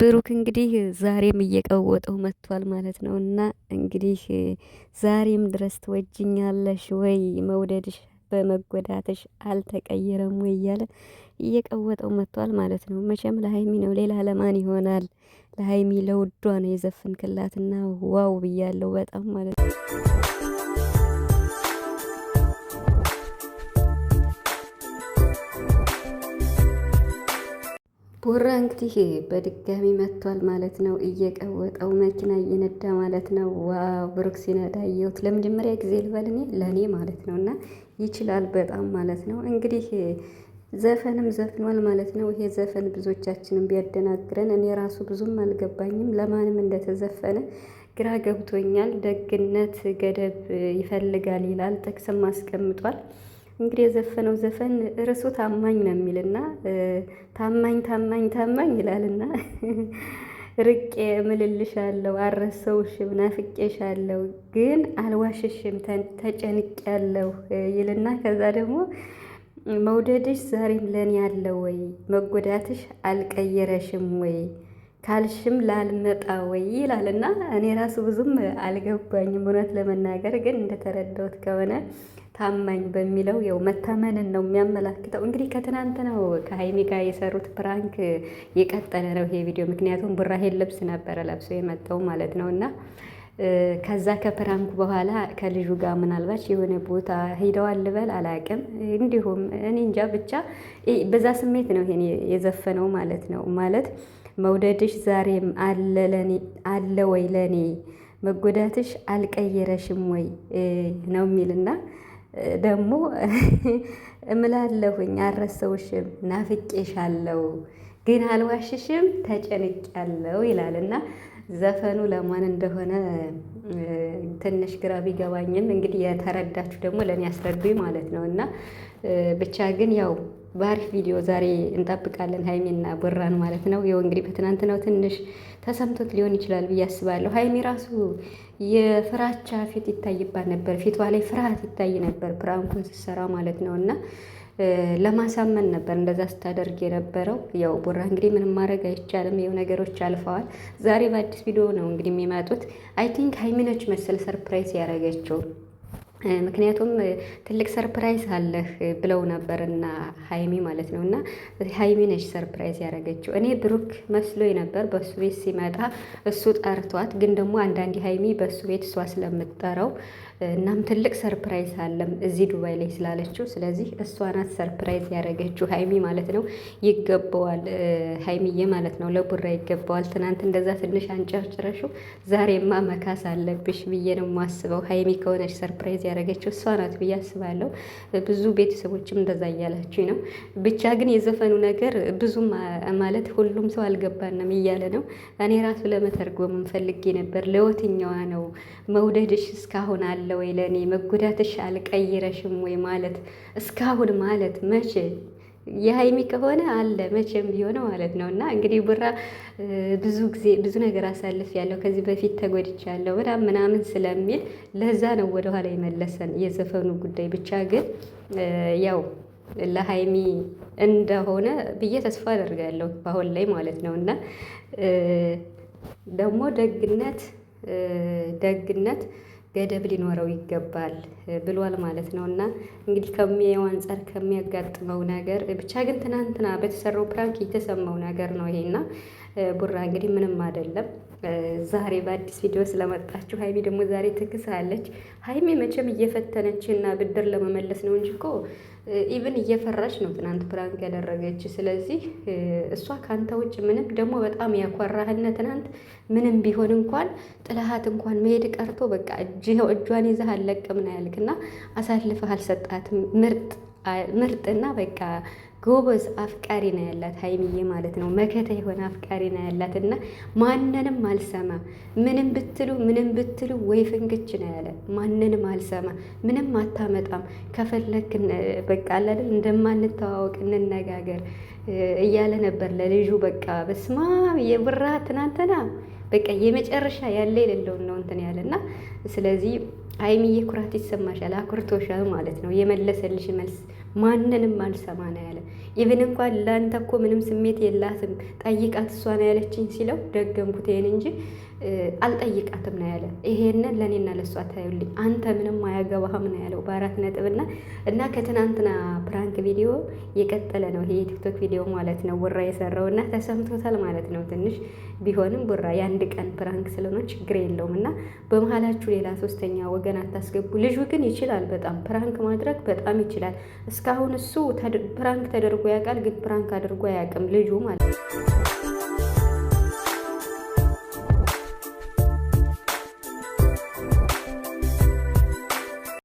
ብሩክ እንግዲህ ዛሬም እየቀወጠው መጥቷል ማለት ነው። እና እንግዲህ ዛሬም ድረስ ትወጅኛለሽ ወይ መውደድሽ በመጎዳትሽ አልተቀየረም ወይ እያለ እየቀወጠው መጥቷል ማለት ነው። መቼም ለሀይሚ ነው፣ ሌላ ለማን ይሆናል? ለሀይሚ ለውዷ ነው የዘፈንክላትና ዋው ብያለው በጣም ማለት ነው። እንግዲህ በድጋሚ መጥቷል ማለት ነው። እየቀወጠው መኪና እየነዳ ማለት ነው። ዋው ብሩክ ሲነዳ እየሁት ለመጀመሪያ ጊዜ ልበል እኔ ለእኔ ማለት ነው። እና ይችላል በጣም ማለት ነው። እንግዲህ ዘፈንም ዘፍኗል ማለት ነው። ይሄ ዘፈን ብዙዎቻችንም ቢያደናግረን እኔ ራሱ ብዙም አልገባኝም ለማንም እንደተዘፈነ ግራ ገብቶኛል። ደግነት ገደብ ይፈልጋል ይላል ጥቅስም አስቀምጧል። እንግዲህ የዘፈነው ዘፈን ርዕሱ ታማኝ ነው የሚልና ታማኝ ታማኝ ታማኝ ይላልና ርቄ ምልልሻለሁ አረሰውሽም ናፍቄሻለሁ ግን አልዋሽሽም ተጨንቄያለሁ ይልና ከዛ ደግሞ መውደድሽ ዛሬም ለኔ ያለ ወይ መጎዳትሽ አልቀየረሽም ወይ ካልሽም ላልመጣ ወይ ይላልና እኔ ራሱ ብዙም አልገባኝም እውነት ለመናገር ግን እንደተረዳሁት ከሆነ ታማኝ በሚለው ያው መታመንን ነው የሚያመላክተው። እንግዲህ ከትናንት ነው ከሀይሚ ጋር የሰሩት ፕራንክ የቀጠለ ነው ይሄ ቪዲዮ። ምክንያቱም ቡራሄን ልብስ ነበረ ለብሶ የመጣው ማለት ነው እና ከዛ ከፕራንኩ በኋላ ከልጁ ጋር ምናልባት የሆነ ቦታ ሄደዋል ልበል አላቅም። እንዲሁም እኔ እንጃ ብቻ በዛ ስሜት ነው ይሄን የዘፈነው ማለት ነው። ማለት መውደድሽ ዛሬም አለ ወይ ለኔ መጎዳትሽ አልቀየረሽም ወይ ነው የሚልና ደግሞ እምላለሁኝ አረሰውሽም ናፍቄሻለው ግን አልዋሽሽም ተጨንቅ ተጨንቄያለሁ ይላልና ዘፈኑ ለማን እንደሆነ ትንሽ ግራ ቢገባኝም እንግዲህ የተረዳችሁ ደግሞ ለእኔ ያስረዱኝ ማለት ነው። እና ብቻ ግን ያው በአሪፍ ቪዲዮ ዛሬ እንጠብቃለን ሀይሚና ቡራን ማለት ነው። ይኸው እንግዲህ በትናንትናው ትንሽ ተሰምቶት ሊሆን ይችላል ብዬ አስባለሁ። ሀይሚ ራሱ የፍራቻ ፊት ይታይባት ነበር፣ ፊቷ ላይ ፍርሃት ይታይ ነበር ፕራንኩን ስትሰራ ማለት ነው እና ለማሳመን ነበር እንደዛ ስታደርግ የነበረው። ያው ቡራ እንግዲህ ምንም ማድረግ አይቻልም። የው ነገሮች አልፈዋል። ዛሬ በአዲስ ቪዲዮ ነው እንግዲህ የሚመጡት። አይ ቲንክ ሀይሚነች መሰል ሰርፕራይዝ ያደረገችው ምክንያቱም ትልቅ ሰርፕራይዝ አለህ ብለው ነበርና ሀይሚ ማለት ነው። እና ሀይሚ ነች ሰርፕራይዝ ያደረገችው። እኔ ብሩክ መስሎኝ ነበር በሱ ቤት ሲመጣ እሱ ጠርቷት፣ ግን ደግሞ አንዳንዴ ሀይሚ በሱ ቤት እሷ ስለምትጠራው እናም ትልቅ ሰርፕራይዝ አለም እዚህ ዱባይ ላይ ስላለችው፣ ስለዚህ እሷ ናት ሰርፕራይዝ ያደረገችው ሀይሚ ማለት ነው። ይገባዋል ሀይሚዬ ማለት ነው፣ ለቡራ ይገባዋል። ትናንት እንደዛ ትንሽ አንጨርጭረሽው ዛሬማ መካስ አለብሽ ብዬ ነው የማስበው ሀይሚ ከሆነች ሰርፕራይዝ ያደረገችው እሷ ናት ብዬ አስባለሁ። ብዙ ቤተሰቦችም እንደዛ እያላችሁኝ ነው። ብቻ ግን የዘፈኑ ነገር ብዙም ማለት ሁሉም ሰው አልገባንም እያለ ነው። እኔ ራሱ ለመተርጎም ፈልጌ ነበር። ለወትኛዋ ነው መውደድሽ እስካሁን አለ ወይ ለእኔ መጎዳትሽ አልቀይረሽም ወይ ማለት እስካሁን ማለት መቼ የሀይሚ ከሆነ አለ መቼም ቢሆን ማለት ነው። እና እንግዲህ ቡራ ብዙ ጊዜ ብዙ ነገር አሳልፍ ያለው ከዚህ በፊት ተጎድቻለሁ በጣም ምናምን ስለሚል ለዛ ነው ወደኋላ የመለሰን የዘፈኑ ጉዳይ ብቻ ግን ያው ለሀይሚ እንደሆነ ብዬ ተስፋ አደርጋለሁ በአሁን ላይ ማለት ነው። እና ደግሞ ደግነት ደግነት ገደብ ሊኖረው ይገባል ብሏል ማለት ነው። እና እንግዲህ ከሚያየው አንፃር ከሚያጋጥመው ነገር ብቻ ግን ትናንትና በተሰራው ፕራንክ የተሰማው ነገር ነው ይሄና ቡራ እንግዲህ ምንም አይደለም። ዛሬ በአዲስ ቪዲዮ ስለመጣችሁ ሀይሚ ደግሞ ዛሬ ትክስ አለች። ሀይሚ መቼም እየፈተነች እና ብድር ለመመለስ ነው እንጂ እኮ ኢቭን እየፈራች ነው ትናንት ፕራንክ ያደረገች። ስለዚህ እሷ ከአንተ ውጭ ምንም ደግሞ በጣም ያኮራህነ ትናንት ምንም ቢሆን እንኳን ጥልሃት እንኳን መሄድ ቀርቶ በቃ እጇን ይዘህ አልለቅም ነው ያልክ እና አሳልፈህ አልሰጣትም ምርጥ ምርጥና በቃ ጎበዝ አፍቃሪ ነው ያላት ሀይሚዬ ማለት ነው። መከታ የሆነ አፍቃሪ ነው ያላት እና ማንንም አልሰማ ምንም ብትሉ ምንም ብትሉ ወይ ፍንክች ነው ያለ ማንንም አልሰማ ምንም አታመጣም። ከፈለክ በቃ አላለም እንደማንተዋወቅ እንነጋገር እያለ ነበር ለልጁ በቃ በስማ የብራ ትናንትና በቃ የመጨረሻ ያለ የሌለውን ነው እንትን ያለና፣ ስለዚህ ሀይሚዬ ኩራት ይሰማሻል፣ አኩርቶሻል ማለት ነው። የመለሰልሽ መልስ ማንንም አልሰማ ነው ያለ። ኢቭን እንኳን ለአንተ እኮ ምንም ስሜት የላትም ጠይቃት እሷ ነው ያለችኝ ሲለው ደገምኩት ይሄን እንጂ አልጠይቃትም ነው ያለ። ይሄንን ለእኔና ለእሷ ታዩልኝ፣ አንተ ምንም አያገባህም ነው ያለው በአራት ነጥብና እና ከትናንትና ፕራንክ ቪዲዮ የቀጠለ ነው ይሄ የቲክቶክ ቪዲዮ ማለት ነው። ቡራ የሰራው እና ተሰምቶታል ማለት ነው። ትንሽ ቢሆንም ቡራ የአንድ ቀን ፕራንክ ስለሆነ ችግር የለውም እና በመሀላችሁ ሌላ ሶስተኛ ወገን አታስገቡ። ልጁ ግን ይችላል፣ በጣም ፕራንክ ማድረግ በጣም ይችላል። እስካሁን እሱ ፕራንክ ተደርጎ ያውቃል፣ ግን ፕራንክ አድርጎ አያውቅም ልጁ ማለት ነው።